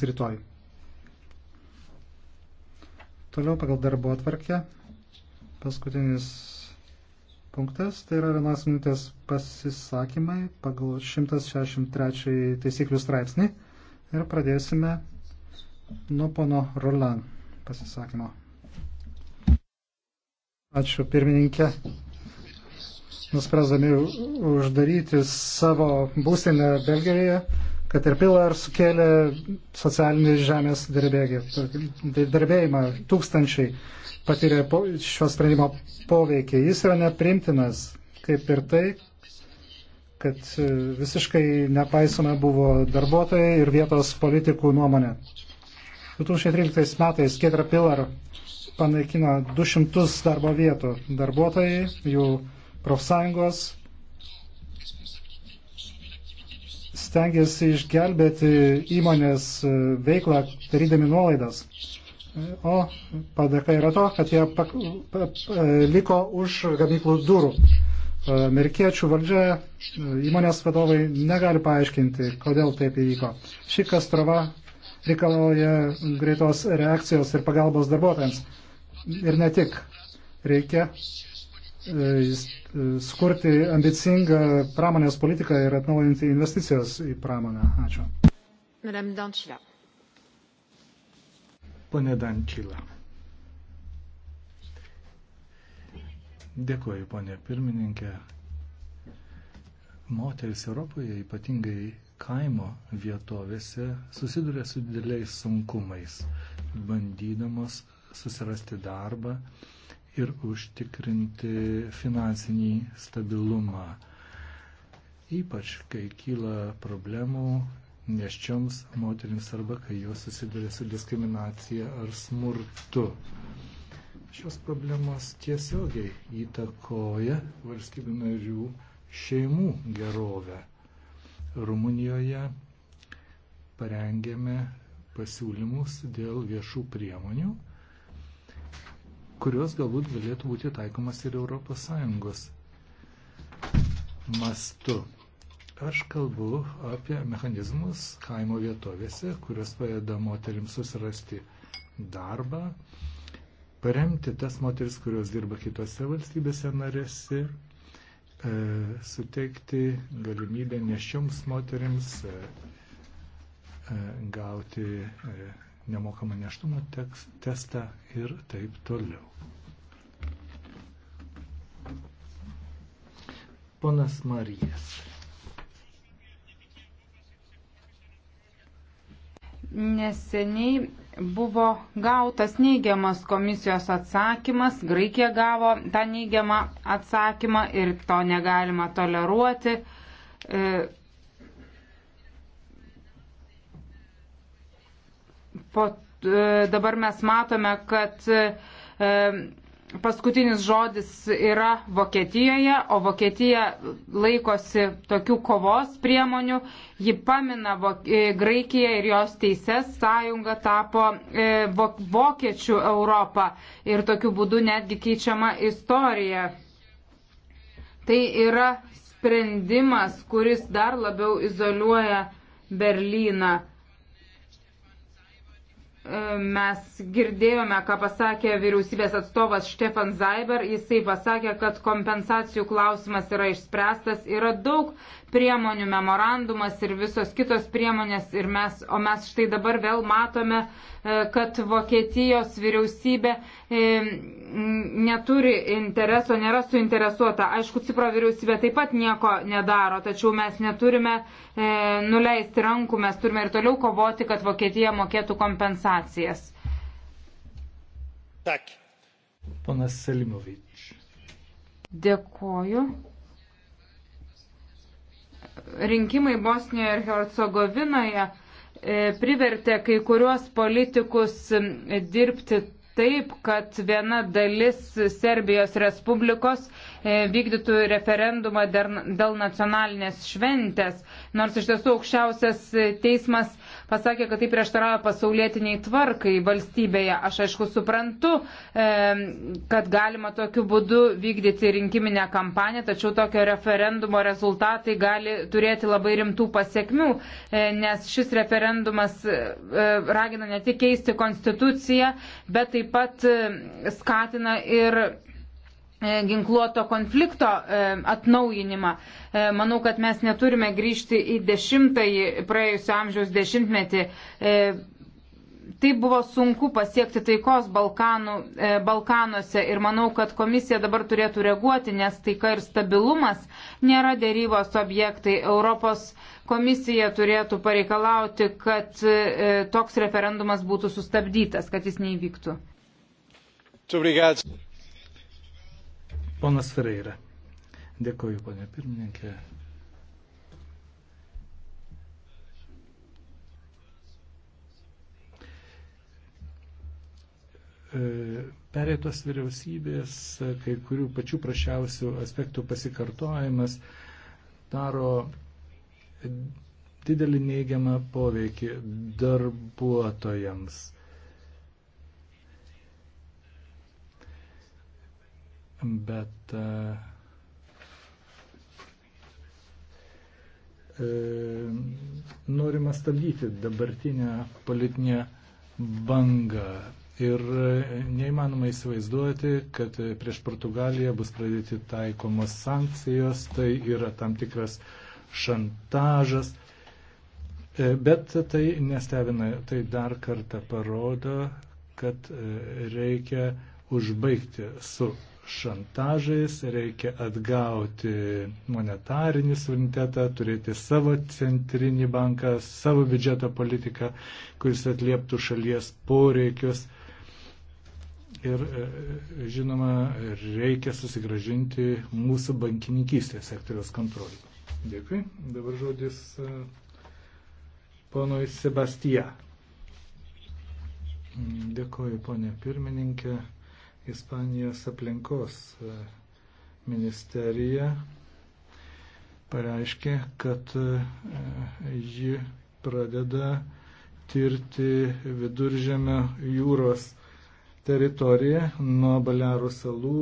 vyks rytoj. Toliau pagal darbo atvarkę paskutinis punktas, tai yra vienos minutės pasisakymai pagal 163 taisyklių straipsnį ir pradėsime nuo pono Roland pasisakymo. Ačiū pirmininkė. Nuspręsdami uždaryti savo būstinę Belgijoje, Caterpillars sukėlė socialinį žemės darbėjimą. Tūkstančiai patyrė šio sprendimo poveikį. Jis yra neprimtinas, kaip ir tai, kad e, visiškai nepaisome buvo darbuotojai ir vietos politikų nuomonė. 2013 metais Caterpillar panaikino 200 darbo vietų. Darbuotojai, jų profsąjungos stengiasi išgelbėti įmonės e, veiklą darydami nuolaidas. E, o padėka yra to, kad jie pak, pa, pa, e, liko už gamyklų durų. Amerikiečių valdžia įmonės vadovai negali paaiškinti, kodėl taip įvyko. Ši kastrava reikalauja greitos reakcijos ir pagalbos darbuotojams. Ir ne tik. Reikia skurti ambicingą pramonės politiką ir atnaujinti investicijas į pramonę. Ačiū. Madame Dančila. Pone Dančila. Dėkuoju, ponė pirmininkė. Moteris Europoje, ypatingai kaimo vietovėse, susiduria su dideliais sunkumais, bandydamos susirasti darbą, ir užtikrinti finansinį stabilumą. Ypač, kai kyla problemų neščioms moteriams arba kai jos susiduria su diskriminacija ar smurtu. Šios problemos tiesiogiai įtakoja valstybių narių šeimų gerovę. Rumunijoje parengėme pasiūlymus dėl viešų priemonių kurios galbūt galėtų būti taikomas ir ES mastu. Aš kalbu apie mechanizmus kaimo vietovėse, kurios padeda moteriams susirasti darbą, paremti tas moteris, kurios dirba kitose valstybėse narėse, e, suteikti galimybę nešioms moteriams e, e, gauti e, nemokamą neštumo teks, testą ir taip toliau. Ponas Marijas. Neseniai buvo gautas neigiamas komisijos atsakymas, Graikija gavo tą neigiamą atsakymą ir to negalima toleruoti. E, po, e, dabar mes matome, kad e, paskutinis žodis yra Vokietijoje, o Vokietija laikosi tokių kovos priemonių. Ji pamina e, Graikiją ir jos teises, sąjunga tapo vokiečių Europą ir tokiu būdu netgi keičiama istorija. Tai yra sprendimas, kuris dar labiau izoliuoja Berlyną Mes girdėjome, ką pasakė vyriausybės atstovas Štefan Zaiber. Jisai pasakė, kad kompensacijų klausimas yra išspręstas. Yra daug priemonių, memorandumas ir visos kitos priemonės. Mes, o mes štai dabar vėl matome, e, kad Vokietijos vyriausybė e, neturi intereso, nėra suinteresuota. Aišku, Cipro vyriausybė taip pat nieko nedaro, tačiau mes neturime E, nuleisti rankų, mes turime ir toliau kovoti, kad Vokietija mokėtų kompensacijas. Tak. Ponas Selimovič. Dėkoju. Rinkimai Bosnijoje ir Hercegovinoje e, privertė kai kuriuos politikus dirbti taip, kad viena dalis Serbijos Respublikos e, vykdytų referendumą dėl nacionalinės šventės, nors iš tiesų aukščiausias teismas pasakė, kad tai prieštarauja pasaulietiniai tvarkai valstybėje. Aš aišku suprantu, e, kad galima tokiu būdu vykdyti rinkiminę kampaniją, tačiau tokio referendumo rezultatai gali turėti labai rimtų pasiekmių, e, nes šis referendumas e, ragina ne tik keisti konstituciją, bet taip pat skatina ir E, ginkluoto konflikto e, atnaujinimą. E, manau, kad mes neturime grįžti į dešimtąjį praėjusio amžiaus dešimtmetį. Tai buvo sunku pasiekti taikos Balkanų, e, Balkanuose ir manau, kad komisija dabar turėtų reaguoti, nes taika ir stabilumas nėra dėrybos objektai. Europos komisija turėtų pareikalauti, kad e, toks referendumas būtų sustabdytas, kad jis neįvyktų. Obrigado. Ponas Ferreira. Dėkoju, ponė pirmininkė. E, Perėtos vyriausybės, kai kurių pačių prašiausių aspektų pasikartojimas daro didelį neigiamą poveikį darbuotojams. bet e, e, norima stabdyti dabartinę politinę bangą. Ir e, neįmanoma įsivaizduoti, kad prieš Portugaliją bus pradėti taikomos sankcijos, tai yra tam tikras šantažas. E, bet tai nestebina, tai dar kartą parodo, kad reikia užbaigti su šantažais, reikia atgauti monetarinį suverenitetą, turėti savo centrinį banką, savo biudžeto politiką, kuris atlieptų šalies poreikius. Ir e, žinoma, reikia susigražinti mūsų bankininkystės sektoriaus kontrolį. Dėkui. Dabar žodis e, ponui Sebastija. Dėkuoju, ponė pirmininkė. Ispanijos aplinkos e, ministerija pareiškė, kad e, ji pradeda tirti viduržėmio jūros teritoriją nuo Balearų salų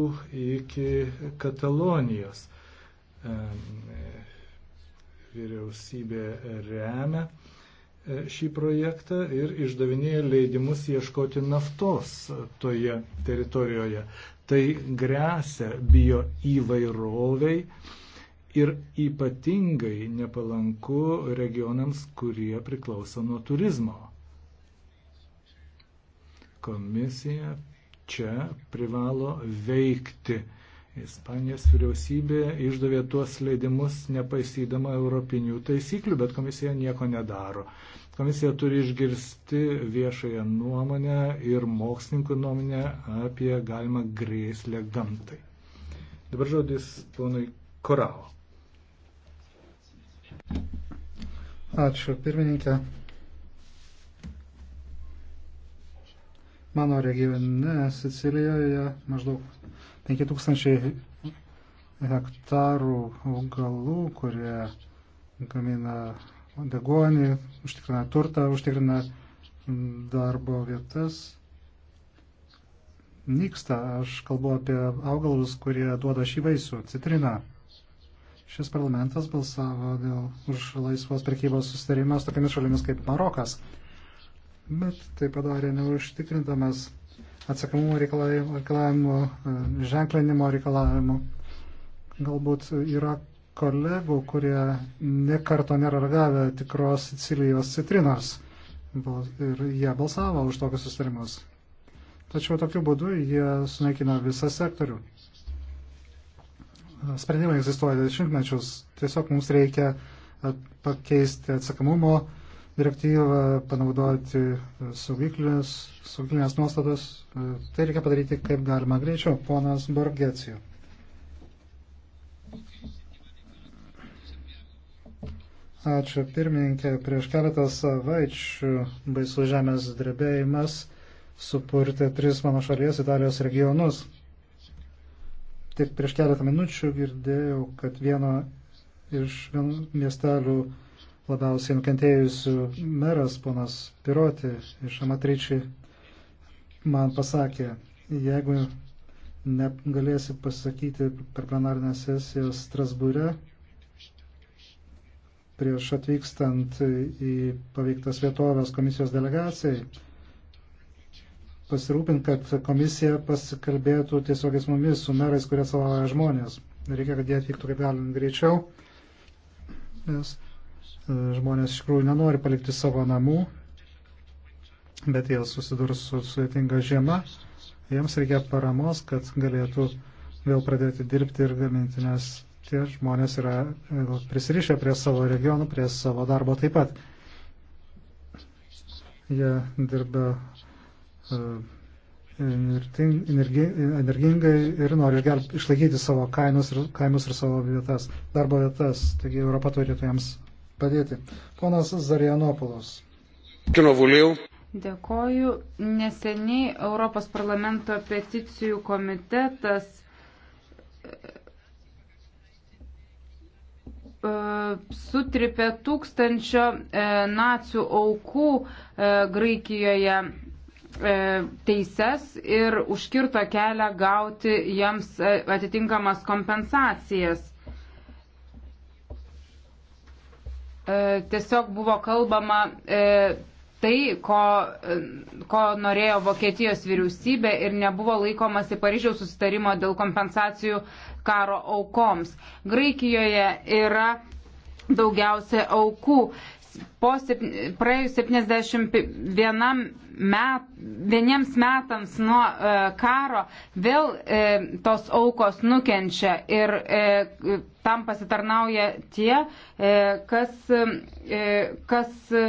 iki Katalonijos. E, vyriausybė remia E, šį projektą ir išdavinėja leidimus ieškoti naftos toje teritorijoje. Tai grėsia bio įvairoviai ir ypatingai nepalanku regionams, kurie priklauso nuo turizmo. Komisija čia privalo veikti Ispanijos vyriausybė išdavė tuos leidimus nepaisydama europinių taisyklių, bet komisija nieko nedaro. Komisija turi išgirsti viešąją nuomonę ir mokslininkų nuomonę apie galimą grėslę gamtai. Dabar žodis ponui Korao. Ačiū, pirmininkė. Mano regione Sicilijoje maždaug 5000 hektarų augalų, kurie gamina degonį, užtikrina turtą, užtikrina darbo vietas. Nyksta, aš kalbu apie augalus, kurie duoda šį vaisių, citriną. Šis parlamentas balsavo dėl, už laisvos prekybos susitarimą su tokiamis šalimis kaip Marokas, bet tai padarė neužtikrintamas atsakomų reikalavimų, e, ženklinimo reikalavimų. Galbūt yra kolegų, kurie nekarto nėra ragavę tikros Sicilijos citrinos ir jie balsavo už tokius sustarimus. Tačiau tokiu būdu jie sunaikino visą sektorių. Sprendimai egzistuoja dešimtmečius, tiesiog mums reikia e, pakeisti atsakomumo direktyvą panaudoti saugiklinės, saugiklinės nuostatos. E, tai reikia padaryti kaip galima greičiau. Ponas Borgecijo. Ačiū pirmininkė. Prieš keletą savaičių baisus žemės drebėjimas supurti tris mano šalies Italijos regionus. Tik prieš keletą minučių girdėjau, kad vieno iš miestelių labiausiai nukentėjusių meras, ponas Piroti iš Amatryčiai, man pasakė, jeigu negalėsi pasakyti per plenarinę sesiją Strasbūre, prieš atvykstant į paveiktas vietovės komisijos delegacijai, pasirūpint, kad komisija pasikalbėtų tiesiogiai su mumis, su merais, kurie atstovauja žmonės. Reikia, kad jie atvyktų kaip galim greičiau, nes žmonės iš tikrųjų nenori palikti savo namų, bet jie susidurs su sudėtinga žiema, jiems reikia paramos, kad galėtų vėl pradėti dirbti ir gaminti, nes tie žmonės yra e, prisirišę prie savo regionų, prie savo darbo taip pat. Jie dirba e, energingai ir nori išlaikyti savo kaimus ir, kaimus ir savo vietas, darbo vietas. Taigi Europa turėtų jiems padėti. Ponas Zarianopolos. Kinovulėjau. Dėkoju. Neseniai Europos parlamento peticijų komitetas e, sutripė tūkstančio e, nacijų aukų e, Graikijoje teises ir užkirto kelią gauti jiems atitinkamas kompensacijas. E, tiesiog buvo kalbama e, tai, ko, e, ko norėjo Vokietijos vyriausybė ir nebuvo laikomasi Paryžiaus susitarimo dėl kompensacijų karo aukoms. Graikijoje yra daugiausia aukų po praėjus 71 met, metams nuo e, karo vėl e, tos aukos nukenčia ir e, tam pasitarnauja tie, e, kas, e, kas e,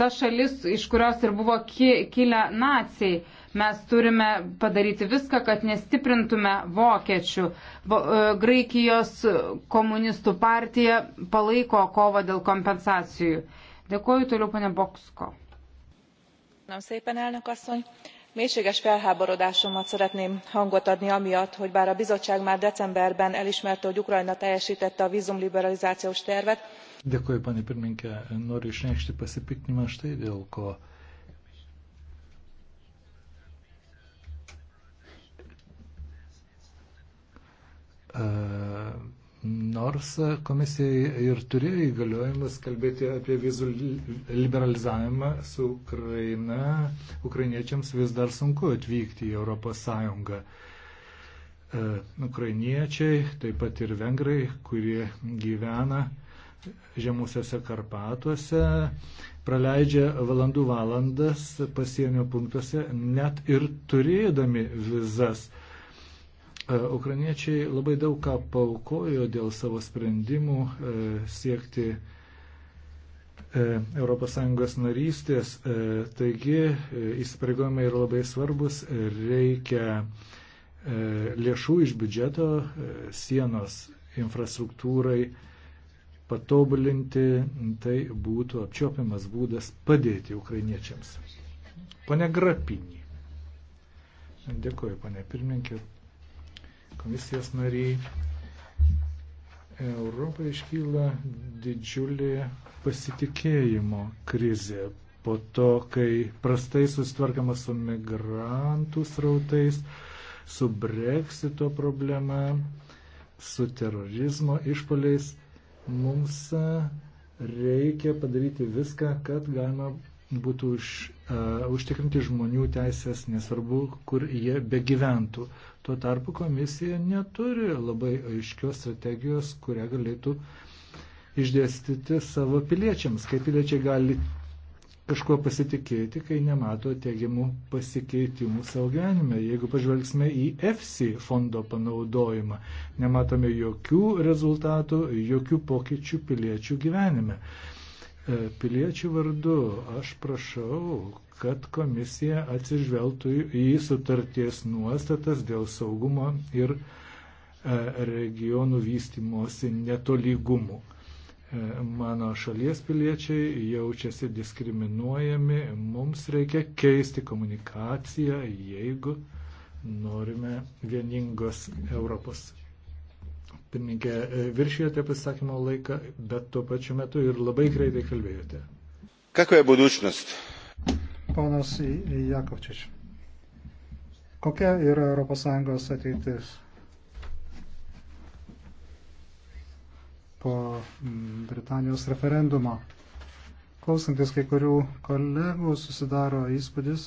ta šalis, iš kurios ir buvo kilę nacijai. Mes turime padaryti viską, kad nestiprintume vokiečių. E, Graikijos komunistų partija palaiko kovą dėl kompensacijų. Dėkuoju toliau, pane Boksko. Mélységes felháborodásumat szeretném hangot adni amiatt, hogy bár a bizottság már decemberben elismerte, hogy Ukrajna teljesítette a vízumliberalizációs tervet. Dėkuoju, pane pirmininkė, noriu išreikšti pasipiktinimą štai dėl ko. Uh, nors komisija ir turėjo įgaliojimus kalbėti apie vizų liberalizavimą su Ukraina, ukrainiečiams vis dar sunku atvykti į ES. E, ukrainiečiai, taip pat ir vengrai, kurie gyvena žemusiuose Karpatuose, praleidžia valandų valandas pasienio punktuose, net ir turėdami vizas E, ukrainiečiai labai daug ką paukojo dėl savo sprendimų e, siekti ES narystės, e, taigi įsipareigojimai yra labai svarbus, reikia lėšų iš biudžeto sienos infrastruktūrai patobulinti, tai būtų apčiopiamas būdas padėti ukrainiečiams. Pane Grapinį. Dėkuoju, pane pirmininkė, komisijos nariai, Europai iškyla didžiulė pasitikėjimo krizė po to, kai prastai sustvarkama su migrantų srautais, su breksito problema, su terorizmo išpoliais. Mums reikia padaryti viską, kad galima būtų už E, užtikrinti žmonių teisės, nesvarbu, kur jie begyventų. Tuo tarpu komisija neturi labai aiškios strategijos, kurią galėtų išdėstyti savo piliečiams. Kaip piliečiai gali kažkuo pasitikėti, kai nemato teigiamų pasikeitimų savo gyvenime. Jeigu pažvelgsime į EFSI fondo panaudojimą, nematome jokių rezultatų, jokių pokyčių piliečių gyvenime. E, piliečių vardu aš prašau, kad komisija atsižvelgtų į sutarties nuostatas dėl saugumo ir e, regionų vystimosi netolygumų. E, mano šalies piliečiai jaučiasi diskriminuojami, mums reikia keisti komunikaciją, jeigu norime vieningos Europos pirmininkė, e, viršijote pasisakymo laiką, bet tuo pačiu metu ir labai greitai kalbėjote. Kokia budučnost? Ponas Jakovčič. Kokia yra ES ateitis? Po mm, Britanijos referendumo. Klausantis kai kurių kolegų susidaro įspūdis,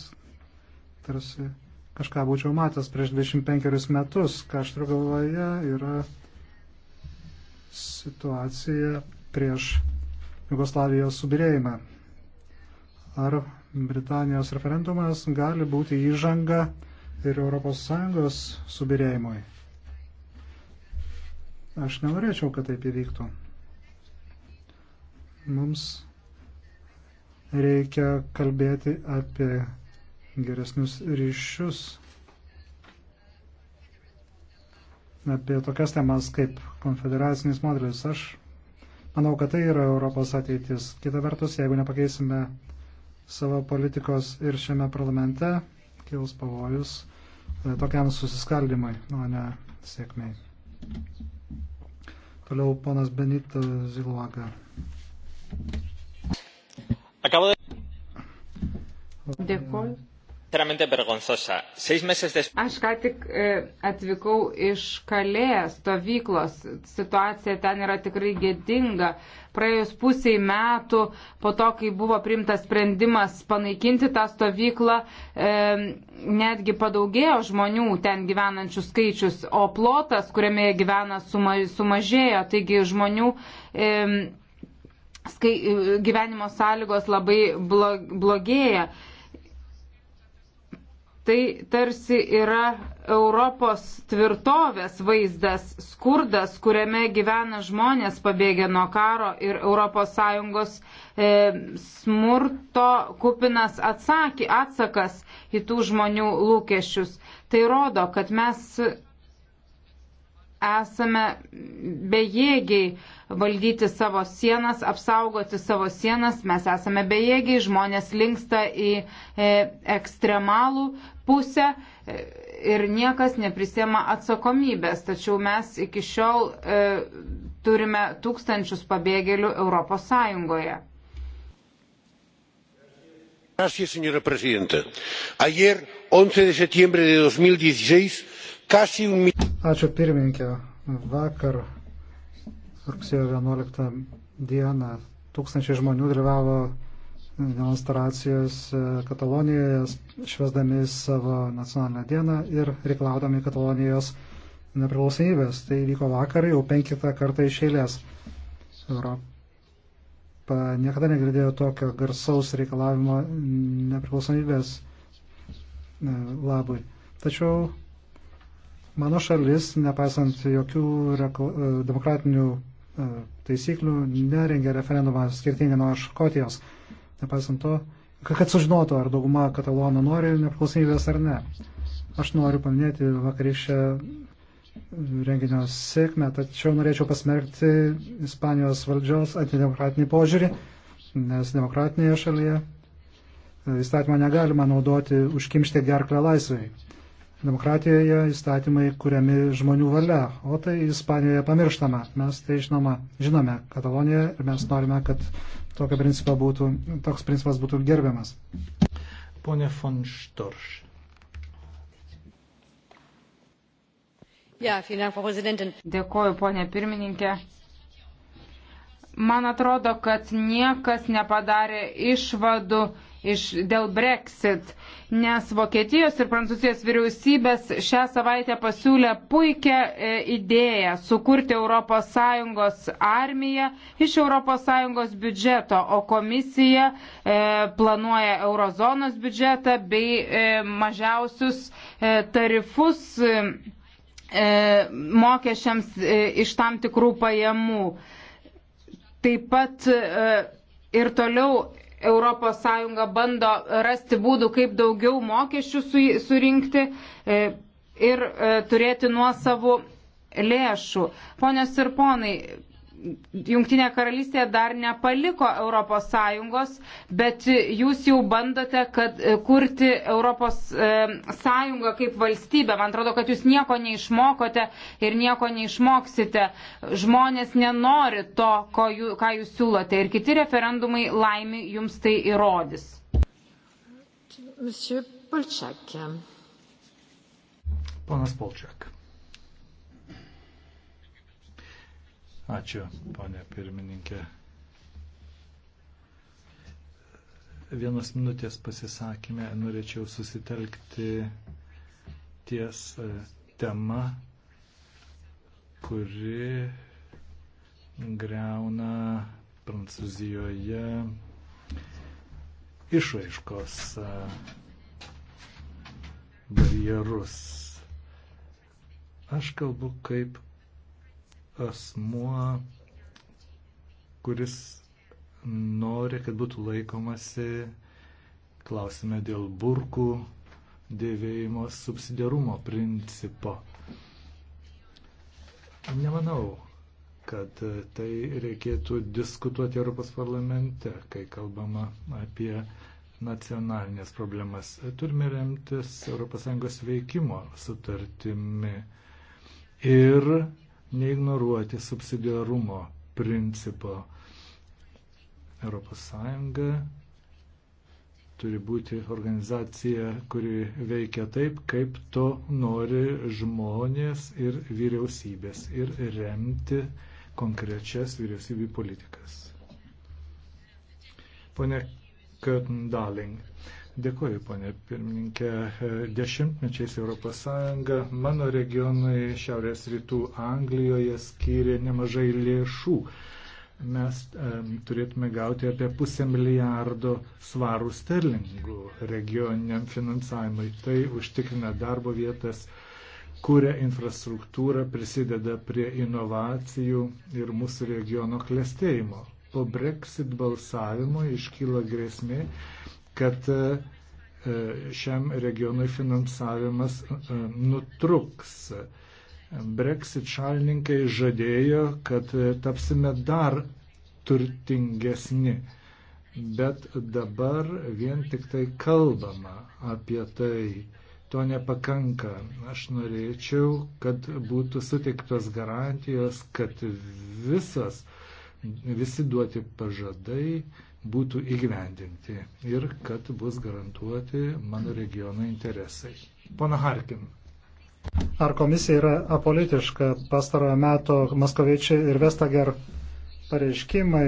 tarsi kažką būčiau matęs prieš 25 metus, ką aš turiu galvoje, yra situaciją prieš Jugoslavijos subirėjimą. Ar Britanijos referendumas gali būti įžanga ir ES subirėjimui? Aš nenorėčiau, kad taip įvyktų. Mums reikia kalbėti apie geresnius ryšius apie tokias temas kaip konfederacinis modelis. Aš manau, kad tai yra Europos ateitis. Kita vertus, jeigu nepakeisime savo politikos ir šiame parlamente, kils pavojus e, tokiam susiskaldimui, o ne sėkmiai. Toliau ponas Benita Zilvaga. Dėkuoju. Aš ką tik e, atvykau iš kalė stovyklos. Situacija ten yra tikrai gėdinga. Praėjus pusiai metų po to, kai buvo priimtas sprendimas panaikinti tą stovyklą, e, netgi padaugėjo žmonių ten gyvenančių skaičius, o plotas, kuriame jie gyvena, sumažėjo. Taigi žmonių e, skai, gyvenimo sąlygos labai blogėja. Tai tarsi yra Europos tvirtovės vaizdas, skurdas, kuriame gyvena žmonės pabėgę nuo karo ir ES e, smurto kupinas atsaky, atsakas į tų žmonių lūkesčius. Tai rodo, kad mes esame bejėgiai valdyti savo sienas, apsaugoti savo sienas, mes esame bejėgiai, žmonės linksta į e, ekstremalų pusę e, ir niekas neprisėma atsakomybės, tačiau mes iki šiol e, turime tūkstančius pabėgėlių Europos Sąjungoje. Gracias, señora presidenta. Ayer, 11 de septiembre de 2016, casi un millón. Ačiū pirmininkė. Vakar rugsėjo 11 dieną tūkstančiai žmonių dalyvavo demonstracijos e, Katalonijoje, švesdami savo nacionalinę dieną ir reikalaudami Katalonijos nepriklausomybės. Tai vyko vakar jau penktą kartą iš eilės. Europa niekada negirdėjo tokio garsaus reikalavimo nepriklausomybės e, labui. Tačiau Mano šalis, nepaisant jokių e, demokratinių e, taisyklių, nerengia referendumą skirtingai nuo Škotijos. Nepaisant to, kad sužinotų, ar dauguma katalonų nori nepriklausomybės ar ne. Aš noriu paminėti vakarykščią renginio sėkmę, tačiau norėčiau pasmerkti Ispanijos valdžios antidemokratinį požiūrį, nes demokratinėje šalyje e, įstatymą negalima naudoti užkimšti gerklę laisvai. Demokratijoje įstatymai kuriami žmonių valia, o tai Ispanijoje pamirštama. Mes tai žinoma, žinome Katalonijoje ir mes norime, kad būtų, toks principas būtų gerbiamas. Pone von Storš. Ja, Dank, Frau Präsidentin. Dėkoju, ponė pirmininkė. Man atrodo, kad niekas nepadarė išvadų iš, dėl Brexit, nes Vokietijos ir Prancūzijos vyriausybės šią savaitę pasiūlė puikią e, idėją sukurti ES armiją iš ES biudžeto, o komisija e, planuoja eurozonos biudžetą bei e, mažiausius e, tarifus. E, e mokesčiams e, iš tam tikrų pajamų. E, Taip pat e, ir toliau ES bando rasti būdų, kaip daugiau mokesčių surinkti e, ir e, turėti nuo savų lėšų. Ponios ir ponai, Jungtinė karalystė dar nepaliko ES, bet jūs jau bandote kad, e, kurti ES e, kaip valstybę. Man atrodo, kad jūs nieko neišmokote ir nieko neišmoksite. Žmonės nenori to, jų, ką jūs siūlote. Ir kiti referendumai laimi jums tai įrodys. Monsieur Polčiak. Ponas Polčiak. Ačiū, ponė pirmininkė. Vienos minutės pasisakymę norėčiau susitelkti ties e, tema, kuri greuna Prancūzijoje išraiškos e, barjerus. Aš kalbu kaip asmuo, kuris nori, kad būtų laikomasi klausime dėl burkų dėvėjimo subsidiarumo principo. Nemanau, kad tai reikėtų diskutuoti Europos parlamente, kai kalbama apie nacionalinės problemas. Turime remtis ES veikimo sutartimi ir neignoruoti subsidiarumo principo. ES turi būti organizacija, kuri veikia taip, kaip to nori žmonės ir vyriausybės ir remti konkrečias vyriausybių politikas. Pone Curtin Darling, Dėkuoju, ponė pirmininkė. Dešimtmečiais ES mano regionai Šiaurės rytų Anglijoje skyrė nemažai lėšų. Mes um, turėtume gauti apie pusę milijardo svarų sterlingų regioniniam finansavimui. Tai užtikrina darbo vietas, kuria infrastruktūrą, prisideda prie inovacijų ir mūsų regiono klėstėjimo. Po Brexit balsavimo iškyla grėsmė, kad e, e, šiam regionui finansavimas e, nutruks. Brexit šalininkai žadėjo, kad tapsime dar turtingesni, bet dabar vien tik tai kalbama apie tai. To nepakanka. Aš norėčiau, kad būtų suteiktos garantijos, kad visas, visi duoti pažadai būtų įgyvendinti ir kad bus garantuoti mano regiono interesai. Pana Harkin. Ar komisija yra apolitiška pastarojo meto Maskovičiai ir Vestager pareiškimai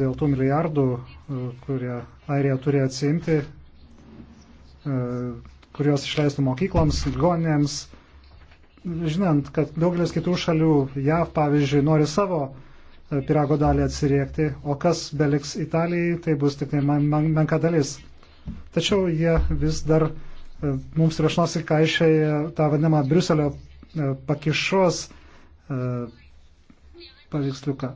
dėl tų milijardų, e, kurie Airija turi atsiimti, e, kuriuos išleistų mokykloms, ligoninėms, žinant, kad daugelis kitų šalių, JAV pavyzdžiui, nori savo pirago dalį atsiriekti, o kas beliks Italijai, tai bus tik tai men men menka dalis. Tačiau jie vis dar e, mums priešnos įkaišėja tą vadinamą Briuselio e, pakišos e, paveiksliuką.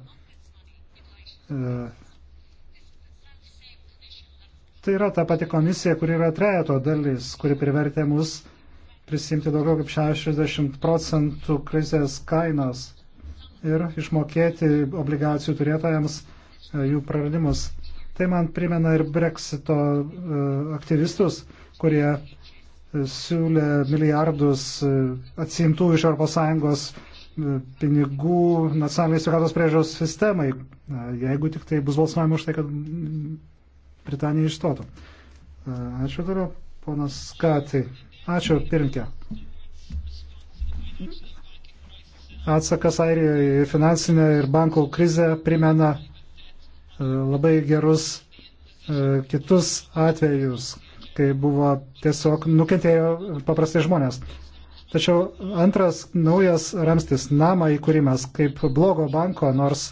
Tai yra ta pati komisija, kuri yra trejato dalis, kuri privertė mus prisimti daugiau kaip 60 procentų krizės kainos ir išmokėti obligacijų turėtojams e, jų praradimus. Tai man primena ir breksito e, aktyvistus, kurie e, siūlė milijardus atsimtų iš ES pinigų nacionaliniai sveikatos priežiūros sistemai, jeigu tik tai bus balsuojama už tai, kad Britanija išstotų. Ačiū toliau, ponas Katai. Ačiū, pirmkė atsakas Airijoje į finansinę ir bankų krizę primena e, labai gerus e, kitus atvejus, kai buvo tiesiog nukentėjo paprastai žmonės. Tačiau antras naujas ramstis - namą įkūrimas kaip blogo banko, nors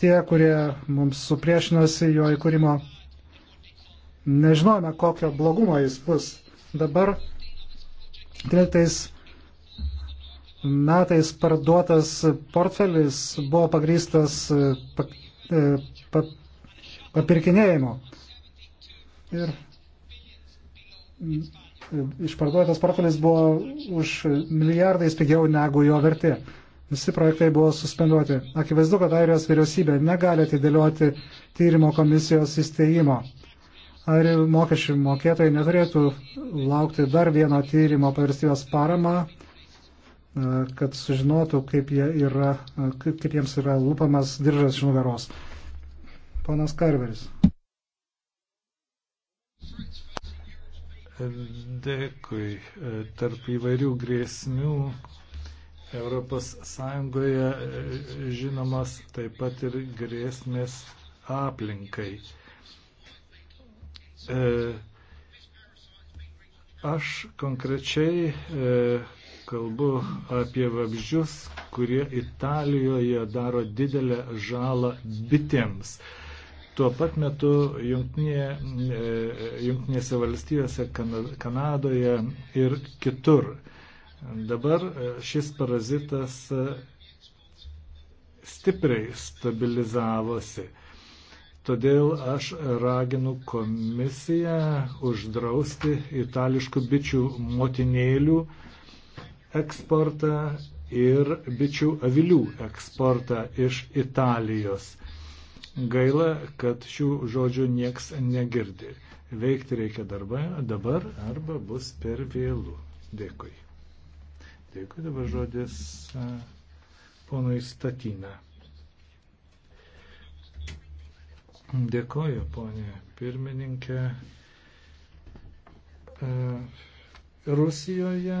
tie, kurie mums supriešinosi jo įkūrimo, nežinojame, kokio blogumo jis bus. Dabar 13 metais parduotas portfelis buvo pagrystas e, pak, e, pa, papirkinėjimu. Ir e, išparduotas portfelis buvo už milijardais pigiau negu jo vertė. Visi projektai buvo suspenduoti. Akivaizdu, kad Airijos vyriausybė negali atidėlioti tyrimo komisijos įsteigimo. Ar mokesčių mokėtojai neturėtų laukti dar vieno tyrimo pavirstijos parama, kad sužinotų, kaip, jie yra, kaip, kaip jiems yra lūpamas diržas iš nugaros. Ponas Karveris. Dėkui. E, tarp įvairių grėsmių Europos Sąjungoje e, žinomas taip pat ir grėsmės aplinkai. E, aš konkrečiai kalbu apie vabzdžius, kurie Italijoje daro didelę žalą bitėms. Tuo pat metu jungtinė, e, jungtinėse valstijose, Kanadoje ir kitur. Dabar e, šis parazitas e, stipriai stabilizavosi. Todėl aš raginu komisiją uždrausti itališkų bičių motinėlių uh, eksportą ir bičių avilių eksportą iš Italijos. Gaila, kad šių žodžių nieks negirdi. Veikti reikia darbą dabar arba bus per vėlų. Dėkui. Dėkui dabar žodis ponui Statina. Dėkoju, ponė pirmininkė. Rusijoje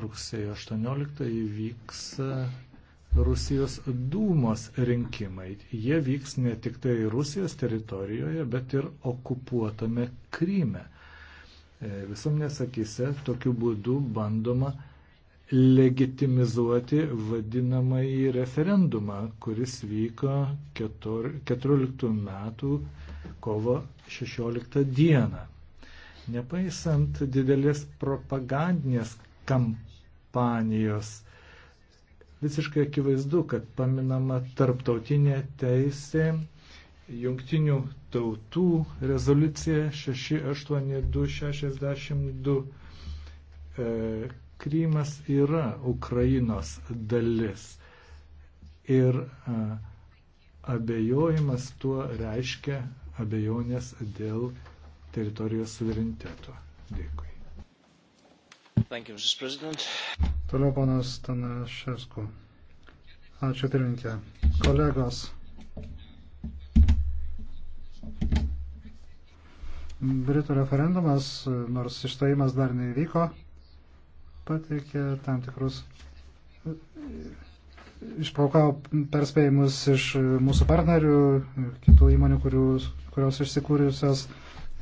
rugsėjo 18 vyks Rusijos dūmos rinkimai. Jie vyks ne tik tai Rusijos teritorijoje, bet ir okupuotame Kryme. E, visuomenės akise tokiu būdu bandoma legitimizuoti vadinamąjį referendumą, kuris vyko 14 metų kovo 16 dieną. Nepaisant didelės propagandinės kampanijos. Visiškai akivaizdu, kad paminama tarptautinė teisė, jungtinių tautų rezoliucija 68262. E, Krymas yra Ukrainos dalis. Ir a, e, abejojimas tuo reiškia abejonės dėl teritorijos suvereniteto. Dėkui. You, Toliau ponas Tanašesku. Ačiū pirmininkė. Kolegos. Britų referendumas, nors išstojimas dar neįvyko, pateikė tam tikrus, išpaukau perspėjimus iš mūsų partnerių, kitų įmonių, kurių, kurios išsikūrusios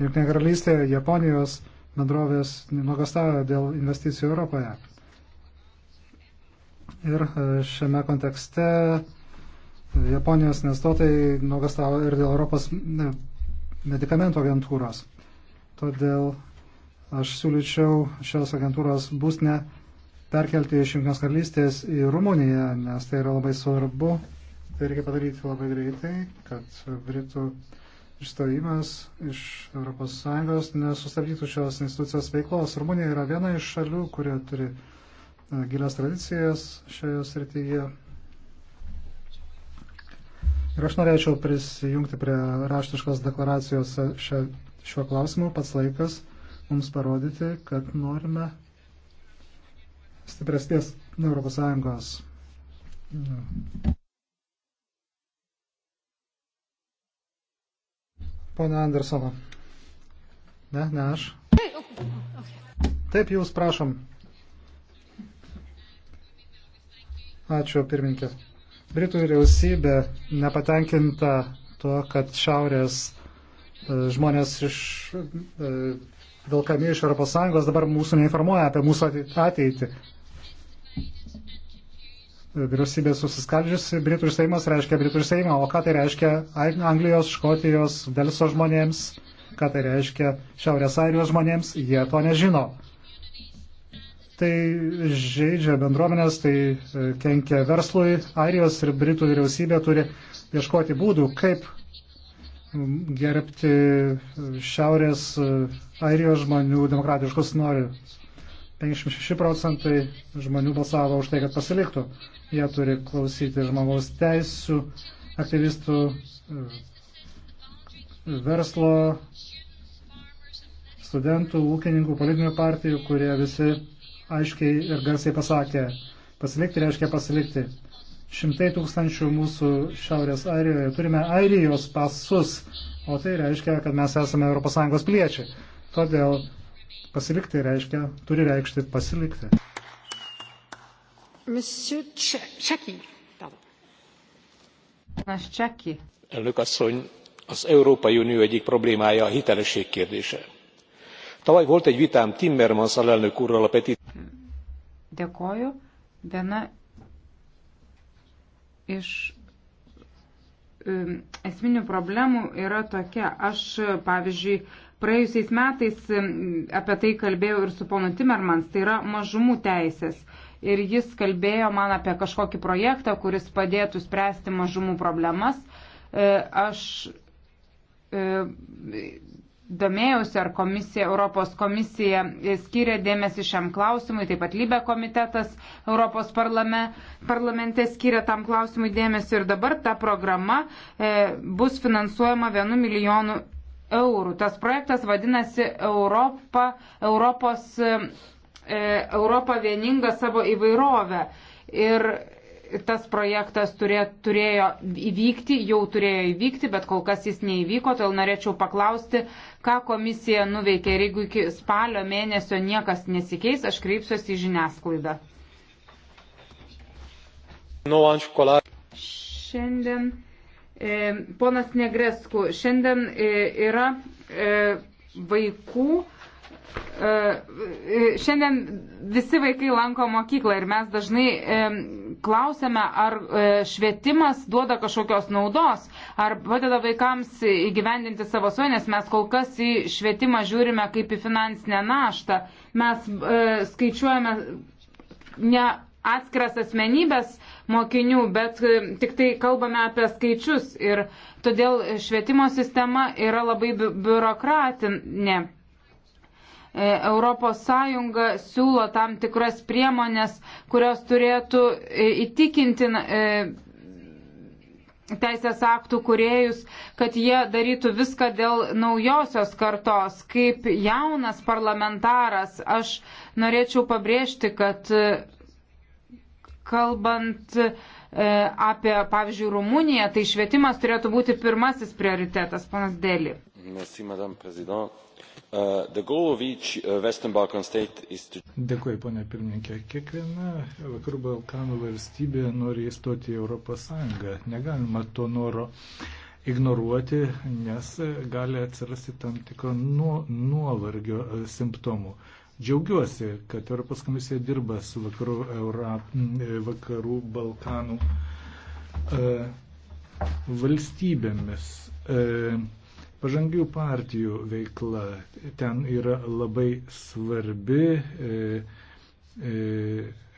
Junktinė karalystė, Japonijos bendrovės nuogastavę dėl investicijų Europoje. Ir e, šiame kontekste e, Japonijos investuotojai nuogastavo ir dėl Europos e, medikamentų agentūros. Todėl aš siūlyčiau šios agentūros būsnę perkelti iš Junktinės karalystės į Rumuniją, nes tai yra labai svarbu. Tai reikia padaryti labai greitai, kad Britų uh, išstojimas iš ES nesustabdytų šios institucijos veiklos. Rumunija yra viena iš šalių, kurie turi e, gilias tradicijas šioje srityje. Ir aš norėčiau prisijungti prie raštiškos deklaracijos šia, šiuo klausimu. Pats laikas mums parodyti, kad norime stipresnės Europos Sąjungos. Pone Andersono. Ne, ne aš. Oh, Taip, jūs prašom. Ačiū, pirminkė. Britų vyriausybė nepatenkinta tuo, kad šiaurės e, žmonės iš e, vilkami iš ES dabar mūsų neinformuoja apie mūsų ateitį vyriausybė susiskaldžiusi, Britų išseimas reiškia Britų išseimą, o ką tai reiškia Anglijos, Škotijos, Velso žmonėms, ką tai reiškia Šiaurės Airijos žmonėms, jie to nežino. Tai žaidžia bendruomenės, tai e, kenkia verslui. Airijos ir Britų vyriausybė turi ieškoti būdų, kaip gerbti e, Šiaurės e, Airijos žmonių demokratiškus norius. 56 procentai žmonių balsavo už tai, kad pasiliktų jie turi klausyti žmogaus teisų, aktyvistų, e, verslo, studentų, ūkininkų, politinių partijų, kurie visi aiškiai ir garsiai pasakė, pasilikti reiškia pasilikti. Šimtai tūkstančių mūsų Šiaurės Airijoje turime Airijos pasus, o tai reiškia, kad mes esame ES piliečiai. Todėl pasilikti reiškia, turi reikšti pasilikti elnök asszony az európai unió egyik problémája a hitelesség kérdése. tavaly volt egy vitám timmermans alelnök úrral a petciós dėkoju viena iš esminių problemų yra tokia aš pavyzdžiui praėjusiais metais apie tai kalbėjau ir su ponu timmermans tai yra mažumų teisės ir jis kalbėjo man apie kažkokį projektą, kuris padėtų spręsti mažumų problemas. E, aš e, domėjausi, ar komisija, Europos komisija skiria dėmesį šiam klausimui, taip pat lybė komitetas Europos parlame, parlamente skiria tam klausimui dėmesį ir dabar ta programa e, bus finansuojama 1 milijonu eurų. Tas projektas vadinasi Europa, Europos. E, E, Europą vieningą savo įvairovę. Ir tas projektas turė, turėjo įvykti, jau turėjo įvykti, bet kol kas jis neįvyko, todėl norėčiau paklausti, ką komisija nuveikė ir jeigu iki spalio mėnesio niekas nesikeis, aš kreipsiuosi į žiniasklaidą. Nu, šiandien e, ponas Negresku, šiandien e, yra e, vaikų Šiandien visi vaikai lanko mokyklą ir mes dažnai klausėme, ar e, švietimas duoda kažkokios naudos, ar padeda vaikams įgyvendinti savo svajonės. Mes kol kas į švietimą žiūrime kaip į finansinę naštą. Mes e, skaičiuojame ne atskiras asmenybės mokinių, bet e, tik tai kalbame apie skaičius ir todėl švietimo sistema yra labai biurokratinė. ES siūlo tam tikras priemonės, kurios turėtų e, įtikinti e, teisės aktų kuriejus, kad jie darytų viską dėl naujosios kartos. Kaip jaunas parlamentaras, aš norėčiau pabrėžti, kad e, kalbant apie, pavyzdžiui, Rumuniją, tai švietimas turėtų būti pirmasis prioritetas, panas Dėlį. Madam President. Uh, the goal of each uh, Western Balkan state is to... Dėkui, ponė pirmininkė. Kiekviena Vakarų Balkanų valstybė nori įstoti į Europos Sąjungą. Negalima to noro ignoruoti, nes gali atsirasti tam tikro nuo, nuovargio e, simptomų. Džiaugiuosi, kad Europos komisija dirba su Vakarų, Eura, e, vakarų Balkanų uh, valstybėmis. Uh, Pažangių partijų veikla ten yra labai svarbi. E, e,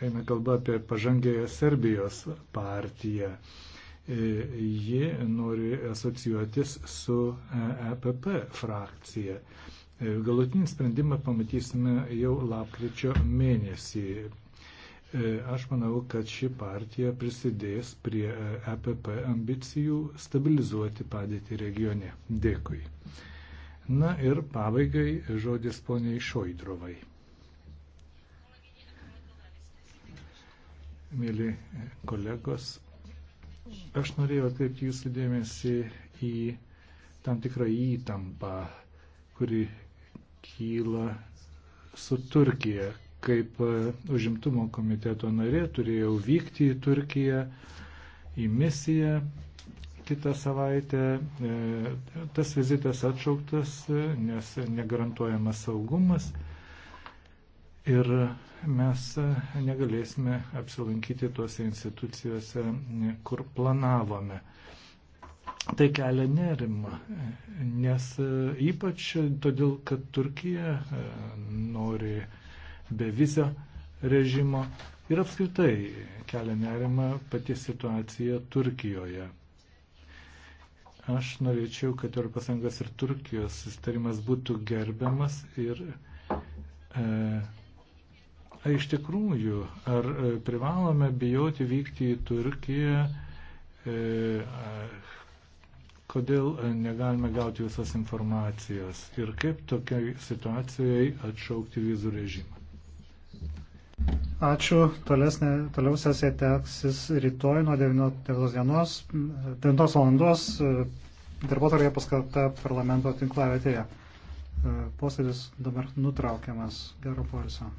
eina kalba apie pažangėją Serbijos partiją. E, ji nori asocijuotis su EPP frakcija. Galutinį sprendimą pamatysime jau lapkričio mėnesį. E, aš manau, kad ši partija prisidės prie EPP e ambicijų stabilizuoti padėtį regione. Dėkui. Na ir pabaigai žodis poniai Šoidrovai. Mėly kolegos, aš norėjau atkreipti jūsų dėmesį į tam tikrą įtampą, kuri kyla su Turkija, kaip e, užimtumo komiteto narė turėjau vykti į Turkiją, į misiją kitą savaitę. E, tas vizitas atšauktas, e, nes negarantuojamas saugumas. Ir mes negalėsime apsilankyti tose institucijose, kur planavome. Tai kelia nerima, nes ypač todėl, kad Turkija nori bevizio režimo ir apskritai kelia nerima pati situacija Turkijoje. Aš norėčiau, kad ES ir Turkijos sustarimas būtų gerbiamas ir e, iš tikrųjų, ar e, privalome bijoti vykti į Turkiją, e, kodėl e, negalime gauti visos informacijos ir kaip tokiai situacijai atšaukti vizų režimą. Ačiū. Tolesnė, toliau sesija teksis rytoj nuo 9 dienos, 9 valandos e, darbotarėje paskelbta parlamento tinklavietėje. E, posėdis dabar nutraukiamas. Gero poilsio.